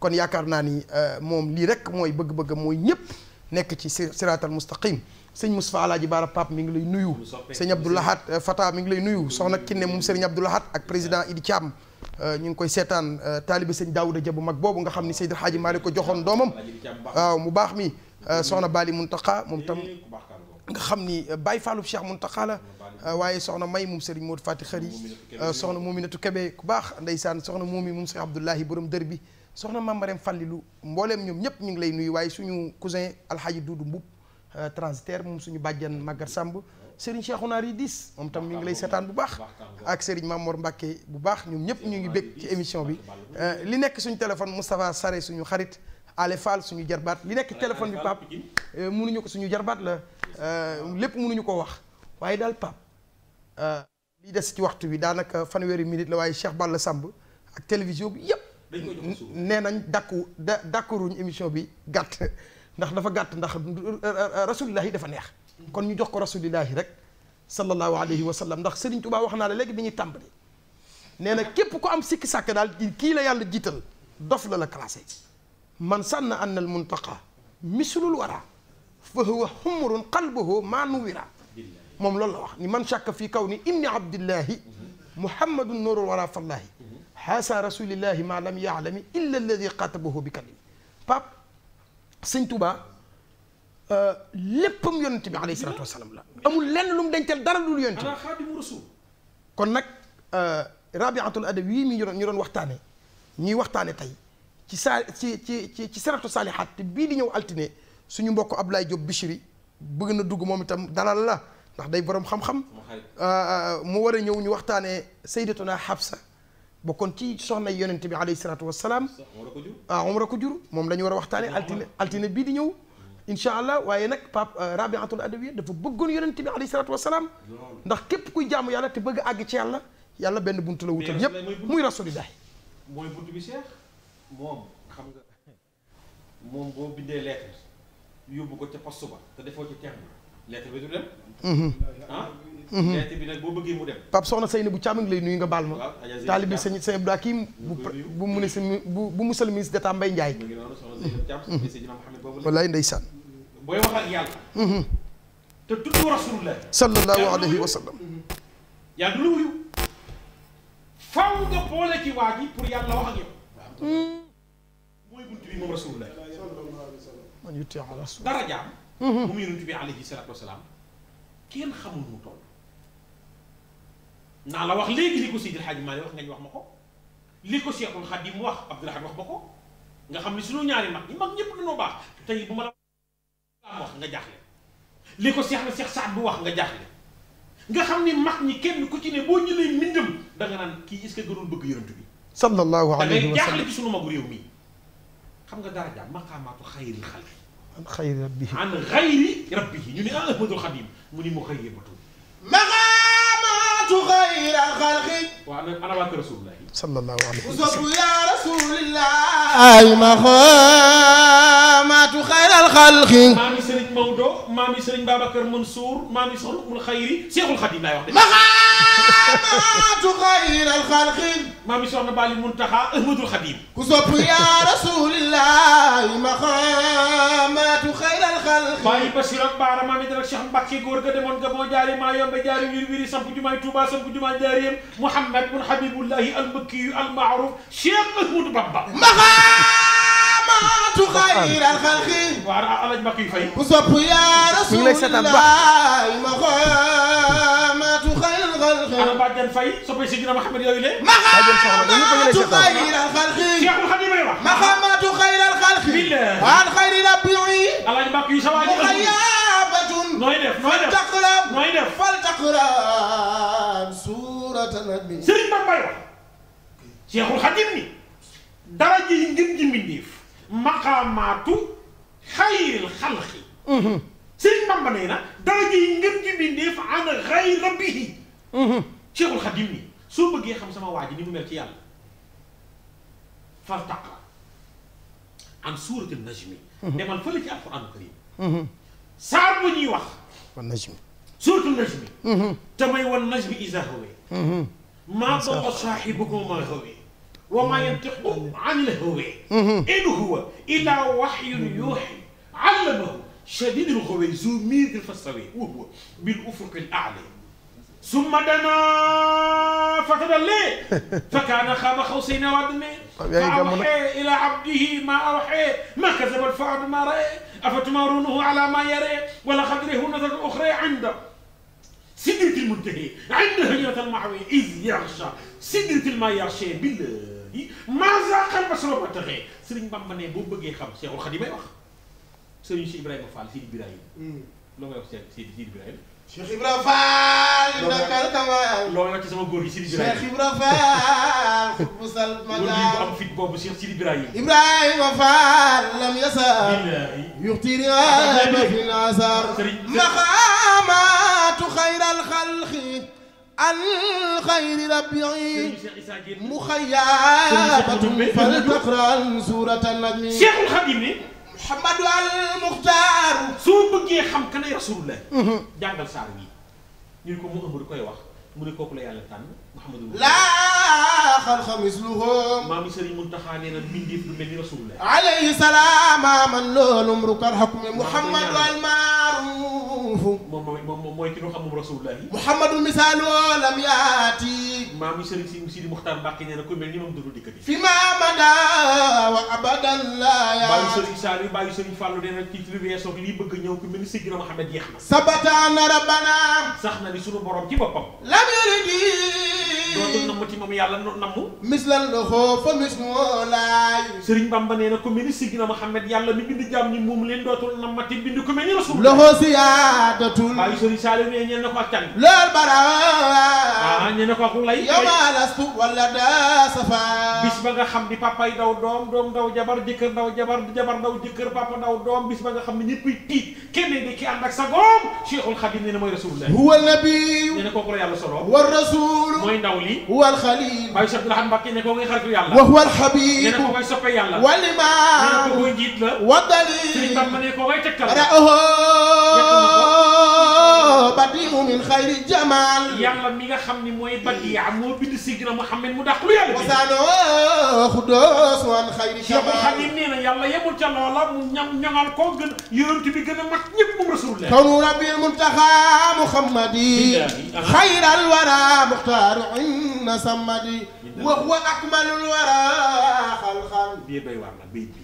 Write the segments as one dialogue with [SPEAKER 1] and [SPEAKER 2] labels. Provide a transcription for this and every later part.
[SPEAKER 1] kon yaakaar naa ni euh,
[SPEAKER 2] moom lii rek mooy bëgg-bëgg mooy ñëpp nekk ci siraatal mustaqim sëñ Moustapha Alaaji Baara Pape mi ngi lay nuyu sëñ Abdoulahat euh, Fata mi ngi lay nuyu soxna Kiné moom sëriñ Abdoulahat ak président Idi Thiam euh, ñu ngi koy seetaan taalibe sëñ Daawuda Jabu mag boobu nga xam ni Seydi Xaaji Maalik ko joxoon doomam waaw mu baax mi soxna Bali Muntaqa moom tam nga xam ni Baye Fallou Cheikh Muntaqa la waaye soxna May moom Serigne Modou Fati Xëri soxna Mominatu Kebe ku baax ndeysaan soxna Momi moom Cheikh Abdoulahi borom dër bi soxna Mame Marème Fallilou mbooleem ñoom ñëpp ñu ngi lay nuyu waaye suñu cousin alxaaji Duudu Mbub euh, transitaire moom suñu bàjjan Magar Samb Serigne Cheikhouna Ridis moom tam mi ngi lay seetaan bu baax ak Serigne Mamour Mbacke bu baax ñoom ñëpp ñu ngi bég ci émission bi euh, li nekk suñu téléphone Moustapha Sare suñu xarit Ale Fall suñu jarbaat li nekk téléphone bi Pape euh, mënuñu ko suñu jarbaat la lépp mënuñu ko wax waaye daal Pape li des ci waxtu bi daanaka fanweeri minute la waaye Cheikh Balla Samb ak télévision yëpp dañ ko jox suuf nee nañ dàkku da dàkkuruñ émission bi gàtt ndax dafa gàtt ndax rasulilah yi dafa neex. kon ñu jox ko rasulilah rek sallallahu alayhi wa sallam ndax Serigne Touba wax naa la léegi bi ñuy tàmbali. nee na képp ko am sikki sàkk daal kii la yàlla jiital dof la la classé man sànn an al muntaqa mislul wara fa huwa humrun qalbuhu maa nuwira moom loolu la wax ni man shakka fii kaw ni inni abdillahi muhammadun nurul wara fallahi xaasa rasulillahi ma lam yaalami illa alladi xatabahu bi kalim pap sëñ Touba euh, léppam yonent bi alayhi salaatu wasalaam la amul lenn lu mu dencal dara dul yonent bi xaadimu rasul kon nag euh, rabiatul adab yii mi ñu doon ñu waxtaane ñuy waxtaane tey ci saa ci ci ci ci saratu saalihaat te bii di ñëw altine suñu mbokk Ablaye Diop Bichri bëgg na dugg moom itam dalal la ndax day borom xam-xam euh, mu war ñëw ñu waxtaane sayyidatuna Hafsa kon ci soxna yonente bi alayhi salaatu wa salaam. ah umra ko moom la ñu war a waxtaanee. altine altine bii di ñëw. incha allah waaye nag pape euh, rabiatul adawiya dafa bëggoon yonente bi alayhi salaatu wa salaam. ndax képp kuy jàmm yàlla te bëgg a àgg ci yàlla. yàlla benn buntu la wutal ñëpp muy rasulillah.
[SPEAKER 1] mooy buntu bi Cheikh moom boo bindee lettre yóbbu ko ca defoo ñeent mhm. bi nag boo bëggee mu dem.
[SPEAKER 2] bu Thiam ngi lay nuyu nga baal ma. waaw Aliou Seye taalibi sëñ sëñ Abdou Hakim bu bu si bu bu musal ministre d'état mhm. ndeysaan.
[SPEAKER 1] booy wax yàlla. Mhm. te tudd rasulullah.
[SPEAKER 2] sallallahu alayhi wa sallam.
[SPEAKER 1] yàlla du la wuyu. faaw nga boole ci waa ji pour yàlla wax ak bunt bi moom rasulullah. man yutti ala rasul dara jaam. kenn xamul mu toll. naa la wax léegi li ko Seydi El Hadji Malick wax nga ñu wax ma ko li ko Cheikhul Khadim wax Abdourahmane wax ma ko nga xam ne sunu ñaari ma ñi mag ñëpp dañoo baax tey bu ma la wax nga jaaxle li ko Cheikh na Cheikh Saad bu wax nga jaaxle nga xam ne mag ñi kenn ku ci ne boo ñëwee mbindam da nga naan kii est-ce que gënoon bëgg yonent bi sallallahu alayhi wa sallam da ngay jaaxle ci sunu mi xam nga daraja maqaamaatu xayril xalqi an xayri rabbihi an ñu ne ni mu xëyee ba tuuti xalaqtu xayra xalqi. waaw nag ana waa kër Rasulullah. sallallahu alayhi wa sallam. sotu yaa Rasulillah. ay ma xomaatu xayral xalqi. maami Serigne Maodo. maam yi sëriñ Babacar Mansour maam yi soxlul umm xayri Seexul Xadim laay wax de. maxaamaatu xayral xalqi. maam yi soxna Bali Muntaxa Ahmadul Xadim. ku sopp yaa rasulillahi maxaamaatu xayral xalqi. maa ngi Bachir ak Baara maa ngi def ak Cheikh Mbacke góor ga demoon nga moo jaaree maa yombe jaari wir wiri samp jumaay Touba samp jumaay jaariyam Mouhamed bun Habibullahi al Makkiyu al Maaruf Cheikh Ahmadou Bamba. tu xayral xalqi alaj Mbacke Faye ku sopp yaa rasulillah ma xaamatu xayral xalqi ana bàjjan Faye soppay si gina Mouhamed yooyu le ma xaamatu xayral xalqi Cheikhul Khadim wax ma xaamatu xayral xalqi an xayri rabbi alaj Mbacke yi sawaji muxayabatun nooy def nooy def taqrab nooy def
[SPEAKER 2] fal taqrab suratan nabi Serigne Mbacke Faye wax
[SPEAKER 1] Cheikhul Khadim ni dara ji ngir ji mbindeef maqaamaatu xayril xalqi mm-hmm. sëriñ Bamba nee na dara jiy ngën ji bindeef an xayra bihi mm-hmm. Cheikhul Xadim ni soo bëggee xam sama waa ji ni mu mel ci yàlla fal taqra an suurati najmi mm-hmm. demal fële ci alquraan karim saar bu ñuy wax wan najmi suuratu najmi damay wan najmi iza hawa maa dalla saahibukum maa gawa wa maa yantiqu anil hawaa mhm. in huwa illaa wahyun yuuhaa allamahu shadiidul quwaa zuu miirratin fastawaa wa huwa bil ufuqil a'laa summa danaa fatadallaa fakaana qaaba qawsayni aw adnaa fa awhaa ilaa abdihi maa awhaa maa kazaba al-fu'aadu maa ra'aa afatumaaruunahu alaa maa yaraa wa laqad ra'aahu nadratan ukhraa 'inda sidratil muntahaa 'inda jannatil ma'waa idh yaghshaa sidratil maa yaghshaa yi maasa xel ba sama taxee sëriñ Bamba ne boo bëggee xam Cheikhul Khadim may wax sëriñ si Ibrahima Fall Sidi Birahim hmm. loo may wax Sidi Sidi Birahim Cheikh Ibrahima Fall nakal kamal loolu nag ci sama góor gi Sidi Birahim Cheikh Ibrahima Fall xutbu salmada bu am fit boobu Cheikh Sidi Birahim
[SPEAKER 2] Ibrahima Fall lam yasar yuxti riwaaya
[SPEAKER 1] fi nasar
[SPEAKER 2] maqaamaatu xayral xalqi الخير ربي
[SPEAKER 1] مخيابة فلتقرأ سورة النجم شيخ الخديم محمد المختار su bëggee xam kan ay rasulullah mhm. jàngal saar wi ñu ko mu ëmb di koy wax mu ne kooku la yàlla tànn Mouhamadou laa xalqa misluhum maam Serigne Mountakha nee na mbindeef lu mel ni rasulullah alayhi salaam
[SPEAKER 2] man loolu mrukal xukmi
[SPEAKER 1] Mouhamadou almaa mawsuufun moom mooy ki nu xam moom rasulullahi muhammadu misaalu lam yaati maam yi sëriñ si Sidi Muxtaar Mbàkke nee na ku mel ni moom du dikkati fi ma mada wa abadan bàyyi Serigne Saliou bàyyi Serigne Fallou nee na ci li weesoog lii bëgg ñëw ku mel ni Seydina Mohamed yeex na sabataana rabbana sax na ni sunu borom ci boppam lam yuridi dootul namm ci moom yàlla namm mislal loxo fa mis moolaay Serigne Bamba nee na ku mel ni Seydina Mohamed yàlla mi bind jàmm ñi moom leen dootul nammati bind ku mel ni rasul loxo siyaadatul bàyyi Serigne Saliou nee ñeen na ko ak can lool bara ah, ñeen na ko ak lay yow ma lastu wala da safa jabar jabar ndaw jëkkër papa ndaw doom bis ba nga xam ne ñëppay tiit kenn de ki ànd ak sagoom Cheikhul Khadim nee na mooy rasulullah huwa nabi nee na kooku la yàlla solo wa rasul mooy ndaw li huwa alxalil Baye Cheikh Abdoulaye Mbacke ne ko ngay xaritu yàlla wa huwa alhabib nee na ko koy soppe yàlla wal imaam nee na ko koy njiit la wa dalil sëriñ Bamba ne ko koy tegtal badiu min xayri jamal yàlla mi nga xam ni mooy badiya moo bind Sidina Muhammad mu dàq lu yàlla wasaano xudoos wan xayri jamal xam ni nee na yàlla yemul ca loola mu ñam ñoŋal koo gën yonent bi gën a mag ñëpp moom rasulullah kawnu rabbil muntaha
[SPEAKER 2] muhammadi xayral wara muxtaaru inna samadi wa
[SPEAKER 1] huwa akmalul wara xalxal bii doy waar la béy bi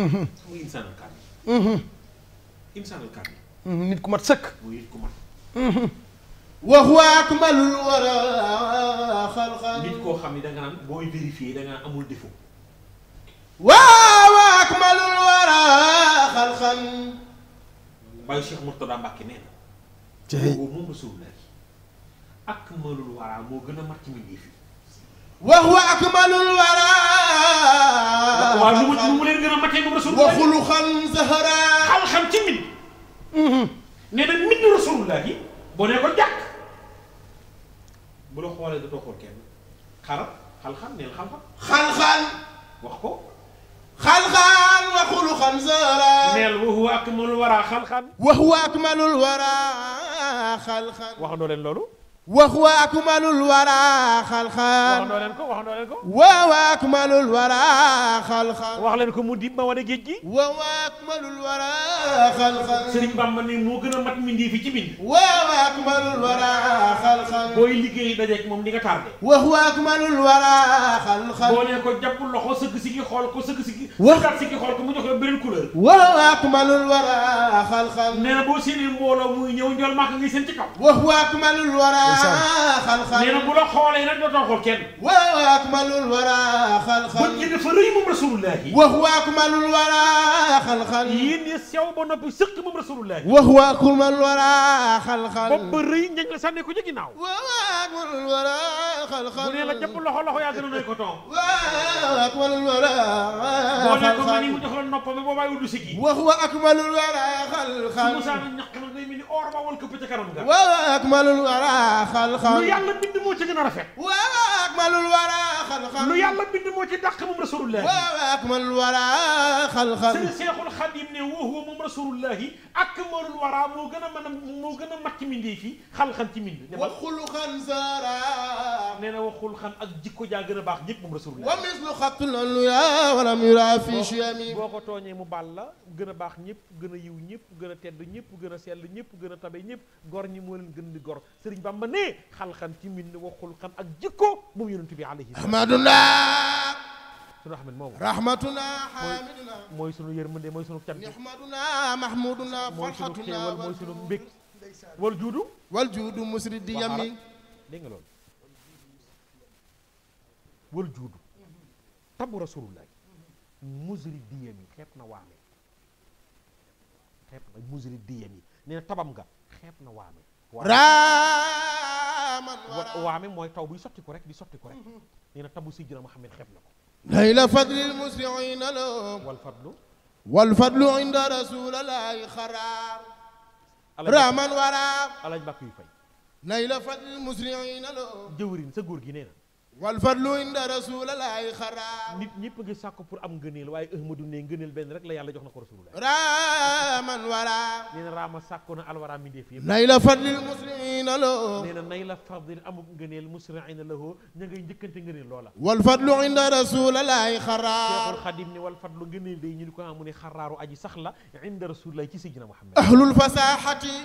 [SPEAKER 1] mhm. muy insaanal kaamil mhm. insaanal kaamil
[SPEAKER 2] mhm. nit ku mat sëkk
[SPEAKER 1] muy nit ku mat wax mm-hmm. waa ak
[SPEAKER 2] malul war
[SPEAKER 1] a xalqan nit koo xam ne da nga naan booy vérifier da nga naan amul défaut.
[SPEAKER 2] waaw waa ak malul war a xalqan.
[SPEAKER 1] Baye Cheikh Mourtada Mbacke nee na. tey boobu moom Rasulullah ak malul war a moo gën a mat ci mbindeef yi. wax wa akmalul wara. waaw lu mu leen gën a matee moom Rasulullah waxulu xam zahara. xal xam ci mbind. Mm-hmm. nee na mit ñu rasulullah yi boo nee ko jàkk bu la xoolee da doo xool kenn xarab xal-xal neel xal-xal xal-xal wax ko xal-xal wa xuluxan sara neel wa huwa akmalul wara xal-xal wa huwa akmalul wara xal-xal wax doo leen wax wa akmalul waraa xalxal. wax leen ko wax leen ko. wa wa akmalul waraa xalxal. wax leen ko mu dib ma wane géej gi. wa wa akmalul waraa xalxal. Sëriñ Bamba ni moo gën a mat mindi fi ci bind. wa wa akmalul waraa
[SPEAKER 2] xalxal. booy
[SPEAKER 1] liggéey dajeeg moom di nga tardé.
[SPEAKER 2] wax wa akmalul waraa
[SPEAKER 1] xalxal. boo nee ko loxo si gi xool ko sëgg si gi. wax si gi wa wa akmalul waraa xalxal. nee na boo séenee mbooloo muy ñëw njool màkk ngay seen ci wax wa akmalul waraa. Ah,
[SPEAKER 2] xal-xal nee na bu la
[SPEAKER 1] xoolee nag dootoo xool kenn wa akmalul wara xal-xal bët yi dafa rëy moom rasulullahi wax wa akmalul wara xal-xal yéen yi sew ba noppi sëq moom rasulullahi wax wa akmalul wara xal-xal bopp ba rëy ñañ la sànni ko ci ginnaaw wa akmalul wara xal-xal bu nee la jàpp loxo loxo yaa gën a noy ko toom wa akmalul wara xal-xal boo nekkoon ni mu jox la nopp ba boo bàyyi wudu sigi wax wa akmalul wara xal-xal war ma woon këpp ca kanam ga. wa akmalul wara xalqan. lu yàlla bind moo ci gën a rafet. waaw. akmalul wara xalxal lu yàlla bind moo ci dàq moom rasulullah wa akmalul wara xalxal sëñ Seexul Xadim ne wa huwa moom rasulullah akmalul wara moo gën a moo gën a mat ci mindee fi xalxal ci mind wa xulxan sara nee na wa ak jikko jaa gën a baax ñëpp moom rasulullah wa mislu xattul anbiya wa lam yura fi shiyami boo ko tooñee mu baal la gën a baax ñëpp gën a yiw ñëpp gën a tedd ñëpp gën a sell ñëpp gën a tabe ñëpp gor ñi moo leen gën di gor Sëriñ Bamba ne xalxan ci mind wa xulxan moom yonent bi alayhi ahmaduna sunu mooy sunu yërmande mu sunu cant nihmaduna mahmuduna mooy sunu xéewal mooy sunu mbég musri di yami dégg loolu wal tabu rasulullah musri di yami xeeb tabam nga xeeb na waame waame mooy taw buy sotti ko rek di sotti ko rek nee na tabu Seydina Muhammad xeeb na ko layla fadlil musliina lo wal fadlu wal fadlu inda
[SPEAKER 2] rasulillahi xaraar
[SPEAKER 1] raman waraam alaaj bàkk yu fay layla fadlil musliina lo jëwrin sa góor gi wal fadlu inda rasulallaahi xaraa nit ñëpp ngi sàkk pour am ngëneel waaye Ahmadu ne ngëneel benn rek la yàlla jox na ko rasulullah raaman wara nee na raama sàkku na alwara mi def yëpp nay la fadlil muslimina lahu nee na nay la fadlil amu ngëneel muslimina lahu ña ngay njëkkante ngëneel loola wal fadlu inda rasulallaahi xaraa Seexul Xadim ne wal fadlu ngëneel day ñu ni ko amu ne xaraaru aji sax la inda rasulillaahi ci sayyidina Muhammad ahlul fasahati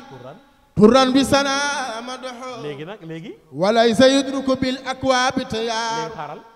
[SPEAKER 1] Quran bi sana Amadou. léegi nag léegi. walaay sayudruku bil akwaabi te yaa.